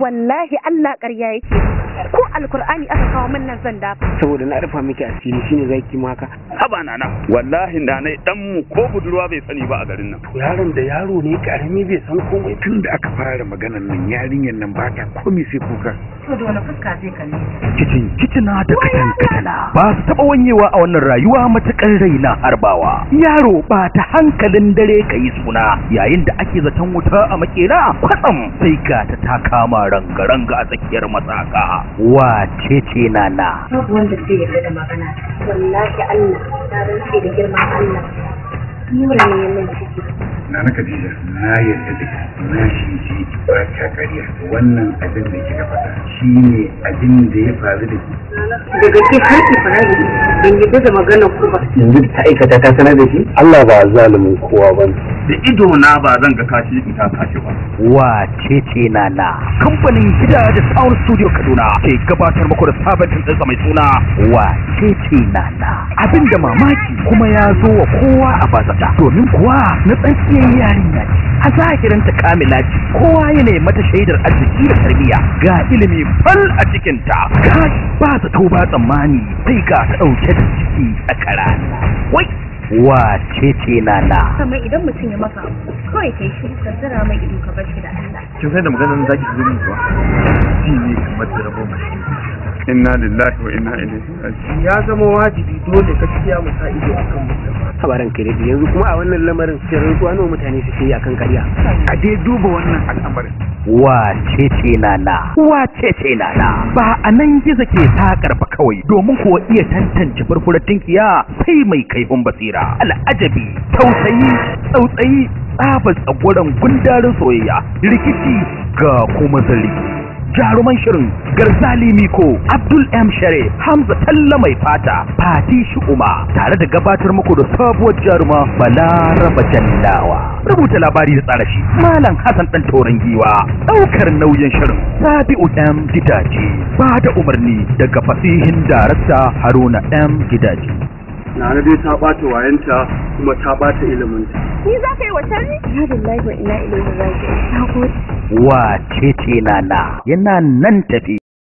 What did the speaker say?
wallahi Allah ƙarya yake ko alkur'ani aka kawo min nan zan dafa saboda na rufa miki asiri shine zaki mu haka haba nana wallahi da nai dan mu ko budurwa bai sani ba a garin nan yaron da yaro ne karami bai san komai tun da aka fara maganar nan yarinyar nan ba ta komai sai kuka kicin kicina da katan katana ba su taba wanyewa a wannan rayuwa matakan raina harbawa yaro ba ta hankalin dare ka yi suna yayin da ake zaton wuta a makera kwatsam sai ga ta ta kama ranga a tsakiyar matsaka Wa ce nana na. wanda da magana Allah ta da girman Allah ne ya na na kadija na yarda da na shi ce ba ta karya wannan abin da kika faɗa shi ne abin da ya faru da ki daga ke har ki fara da ban yarda da maganar ku ba yanzu ta aikata ta sanar da shi Allah ba zalimin kowa ba ne da ido na ba zan ga kashi in ta kashi ba wace ce na na kamfanin gida da sound studio kaduna ke gabatar muku da sabon tsantsa mai suna wace ce na na abin da mamaki kuma ya zo wa kowa a bazata domin kuwa na tsakiyar yarinya a zahirin ta kamila ce kowa ya nemi mata shaidar arziki da tarbiyya ga ilimi fal a cikin ta ga ba zato ba tsammani sai ga ta dauke da ciki a karani wai wace ce na kamar idan mutum ya maka kawai kai shi ka tsira mai ido ka bashi da Allah kin sai da maganar zaki zo min kuwa ji ne kamar da rabo mashi inna lillahi wa inna ilaihi raji'un ya zama wajibi dole gaskiya mu sa ido akan mutum habaran kai yanzu kuma a wannan lamarin sai rantsuwa nawa mutane suke yi akan kariya. a dai duba wannan al'amarin wace ce na? wace ce na? ba a nan gizo ke takar ba kawai domin kuwa iya tantance furfurar tinkiya sai mai kaifin basira al'ajabi tausayi tsautsayi tsabar tsagwaron gundarin soyayya rikici ga kuma zargi jaruman shirin garzali miko abdul m share hamza talla mai fata fati shi kuma tare da gabatar muku da sabuwar jaruma balaraba jallawa rubuta labari da tsara shi malam hassan dan tauran giwa daukar nauyin shirin sabiu m gidaje ba da umarni daga fasihin darasta haruna m gidaje Nana dai ta ɓata wayanta kuma ta ɓata ilimin. Ni za ka yi wa tarni? Ya da wa ina ilimin raji'un. Na gode. wa ce ce na na yana nan tafi